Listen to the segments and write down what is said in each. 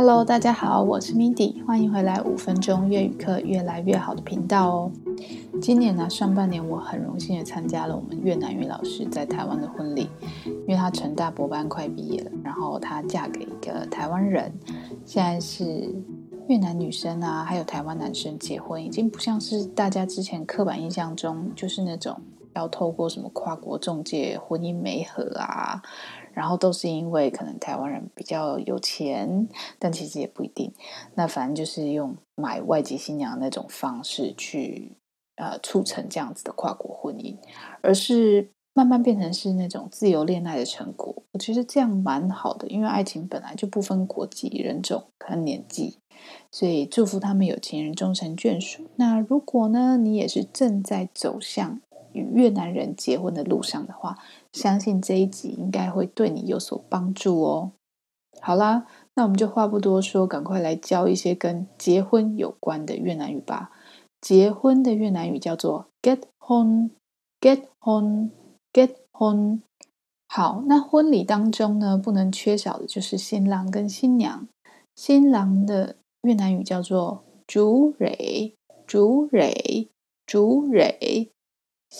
Hello，大家好，我是 MIDI，歡迎回來五分鐘越語課越來越好的頻道哦。今年呢、啊，上半年我很榮幸也參加了我們越南語老師在台灣的婚禮，因為他成大博班快畢業了，然後他嫁給一個台灣人，現在是越南女生啊，還有台灣男生結婚，已經不像是大家之前刻板印象中就是那種要透過什麼跨國中介婚姻媒合啊。然後都是因為可能台灣人比較有錢，但其實也不一定。那反正就是用買外籍新娘那種方式去，呃，促成這樣子的跨國婚姻，而是慢慢變成是那種自由戀愛的成果。我覺得這樣蠻好的，因為愛情本來就不分國籍、人種、和年紀，所以祝福他們有情人終成眷屬。那如果呢，你也是正在走向與越南人結婚的路上的話，相信這一集應該會對你有所幫助哦。好啦，那我們就話不多說，趕快來教一些跟結婚有關的越南語吧。結婚的越南語叫做 kết hôn，kết hôn，kết hôn。好，那婚禮當中呢，不能缺少的就是新郎跟新娘。新郎的越南語叫做 chú rể，chú rể，chú rể。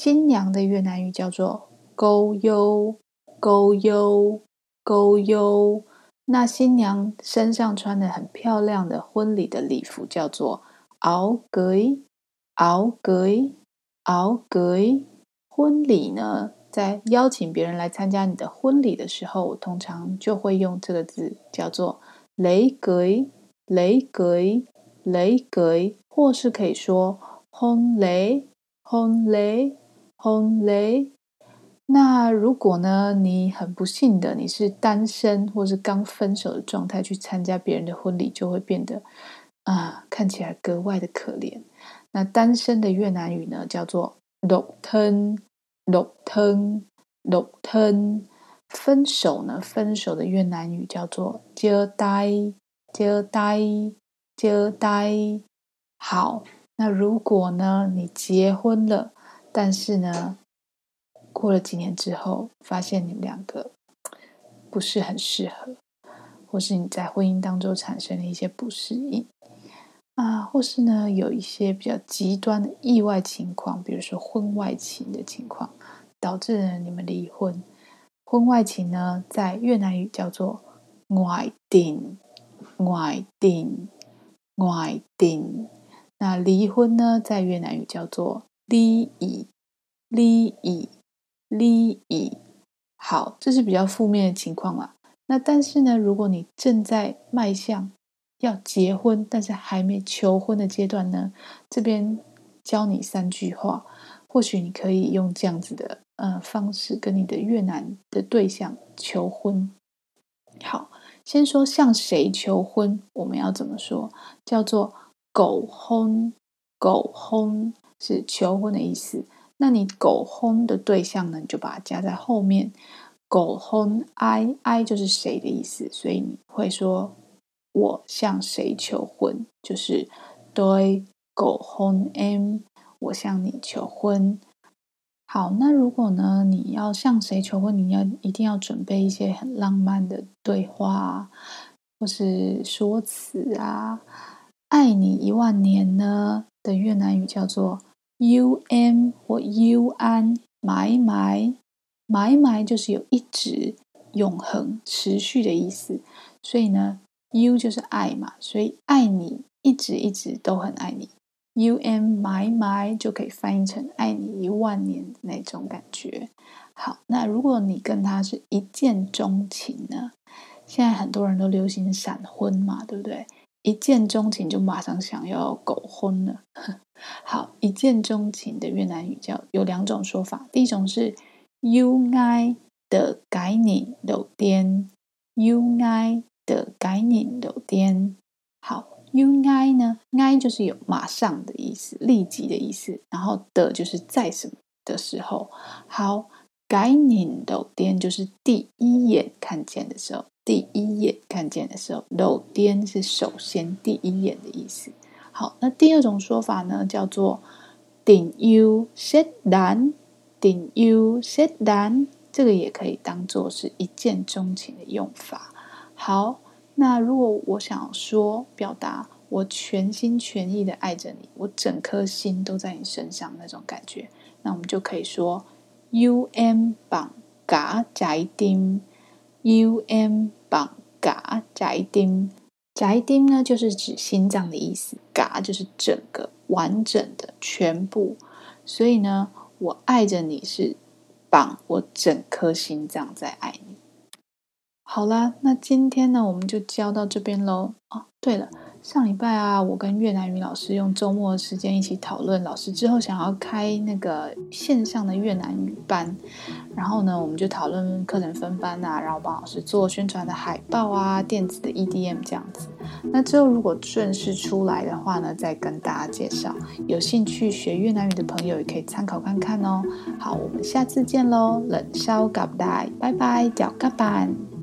新娘的越南語叫做 “cô dâu”，“cô dâu”，“cô dâu”。那新娘身上穿的很漂亮的婚禮的禮服叫做 “áo cưới”，“áo cưới”，“áo cưới”。婚禮呢，在邀請別人來參加你的婚禮的時候，我通常就會用這個字叫做 “lễ cưới”，“lễ cưới”，“lễ cưới”。或是可以說 “hôn lễ”、“hôn lễ”。紅雷，那如果呢，你很不幸的你是單身或是剛分手的狀態去參加別人的婚禮，就會變得啊、呃、看起來格外的可憐。那單身的越南語呢叫做 “độc thân”，“độc thân”，“độc thân”。分手呢，分手的越南語叫做 “chia tay”，“chia tay”，“chia tay”。好，那如果呢，你結婚了。但是呢，過了幾年之後，發現你們兩個不是很適合，或是你在婚姻當中產生了一些不適應，啊，或是呢，有一些比較極端的意外情況，比如說婚外情的情況，導致了你們離婚。婚外情呢，在越南語叫做 ngoại tình，ngoại tình，ngoại tình。那離婚呢，在越南語叫做。ly dị，ly dị，ly dị。好，這是比較負面的情況了。那但是呢，如果你正在邁向要結婚，但是還沒求婚的階段呢，這邊教你三句話，或許你可以用這樣子的呃方式跟你的越南的對象求婚。好，先說向誰求婚，我們要怎麼說？叫做 cầu hôn，cầu hôn。是求婚的意思。那你 cầu hôn 的對象呢？你就把它加在後面，“cầu hôn ai” 就是誰的意思。所以你會說：“我向誰求婚？”就是對，cầu hôn em 我向你求婚。好，那如果呢？你要向誰求婚？你要一定要準備一些很浪漫的對話或是說辭啊，“愛你一萬年呢”呢的越南語叫做。U M 或 U N 埋埋，埋埋就是有一直、永恆、持續的意思。所以呢，U 就是愛嘛，所以愛你一直一直都很愛你。U M 埋埋就可以翻譯成愛你一萬年那種感覺。好，那如果你跟他是一見鍾情呢？現在很多人都流行閃婚嘛，對不對？一見鍾情就馬上想要求婚了。呵呵，好，一見鍾情的越南語叫有兩種說法，第一種是 “yêu ngay từ cái nhìn đầu tiên”，“yêu ngay từ cái nhìn đầu tiên”。好，“yêu ngay” 呢，“ngay” 就是有馬上的意思，立即的意思，然後 “từ” 就是在什麼的時候。好。cái nhìn đầu tiên 就是第一眼看見的時候，第一眼看見的時候，đầu tiên 是首先第一眼的意思。好，那第二種說法呢，叫做 tình yêu sét đánh，tình yêu sét đánh，這個也可以當做是一見鍾情的用法。好，那如果我想說表達我全心全意的愛着你，我整顆心都在你身上那種感覺，那我們就可以說。U M 綁噶宅丁，U M 綁噶宅丁，宅丁呢就是指心臟的意思，嘎，就是整個完整的全部，所以呢，我愛着你是綁我整顆心臟在愛你。好啦，那今天呢我們就教到這邊嘍。哦，對了。上禮拜啊，我跟越南語老師用周末的時間一起討論，老師之後想要開那個線上的越南語班，然後呢，我們就討論課程分班啊，然後幫老師做宣傳的海報啊、電子的 EDM 這樣子。那之後如果正式出來的話呢，再跟大家介紹。有興趣學越南語的朋友也可以參考看看哦。好，我們下次見嘍，冷笑搞不帶，拜拜，教咖班。